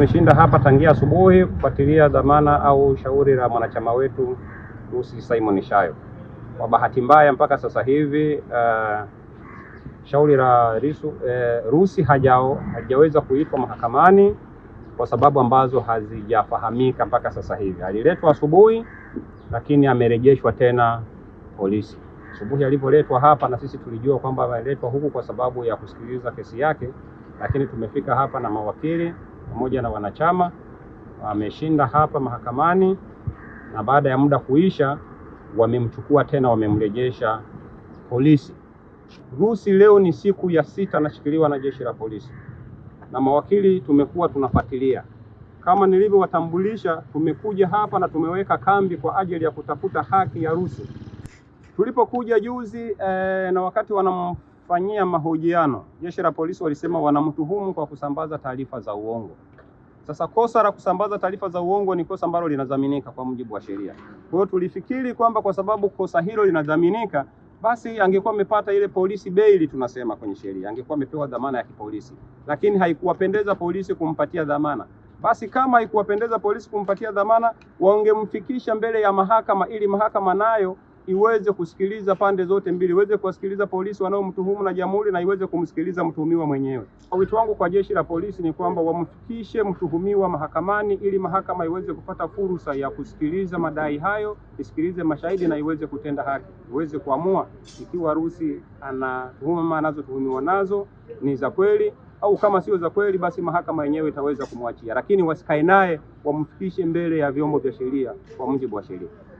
Tumeshinda hapa tangia asubuhi kufuatilia dhamana au shauri la mwanachama wetu Lucy Simon Shayo. Kwa bahati mbaya mpaka sasa hivi uh, shauri la Risu, eh, Rusi hajao hajaweza kuitwa mahakamani kwa sababu ambazo hazijafahamika mpaka sasa hivi. Aliletwa asubuhi lakini amerejeshwa tena polisi. Asubuhi alipoletwa hapa na sisi tulijua kwamba ameletwa huku kwa sababu ya kusikiliza kesi yake, lakini tumefika hapa na mawakili pamoja na wanachama wameshinda hapa mahakamani, na baada ya muda kuisha wamemchukua tena, wamemrejesha polisi. Rusi leo ni siku ya sita anashikiliwa na jeshi la polisi, na mawakili tumekuwa tunafuatilia kama nilivyowatambulisha, tumekuja hapa na tumeweka kambi kwa ajili ya kutafuta haki ya Rusi. Tulipokuja juzi eh, na wakati wanam kumfanyia mahojiano, jeshi la polisi walisema wanamtuhumu kwa kusambaza taarifa za uongo. Sasa kosa la kusambaza taarifa za uongo ni kosa ambalo linadhaminika kwa mujibu wa sheria. Kwa hiyo tulifikiri kwamba kwa sababu kosa hilo linadhaminika, basi angekuwa amepata ile polisi beili, tunasema kwenye sheria, angekuwa amepewa dhamana ya kipolisi, lakini haikuwapendeza polisi kumpatia dhamana. Basi kama haikuwapendeza polisi kumpatia dhamana, wangemfikisha mbele ya mahakama ili mahakama nayo iweze kusikiliza pande zote mbili, iweze kuwasikiliza polisi wanaomtuhumu na jamhuri, na iweze kumsikiliza mtuhumiwa mwenyewe. Wito wangu kwa jeshi la polisi ni kwamba wamfikishe mtuhumiwa mahakamani ili mahakama iweze kupata fursa ya kusikiliza madai hayo, isikilize mashahidi na iweze kutenda haki, iweze kuamua ikiwa Rusi ana tuhuma anazotuhumiwa nazo ni za kweli au kama sio za kweli, basi mahakama yenyewe itaweza kumwachia, lakini wasikae naye, wamfikishe mbele ya vyombo vya sheria kwa mujibu wa sheria.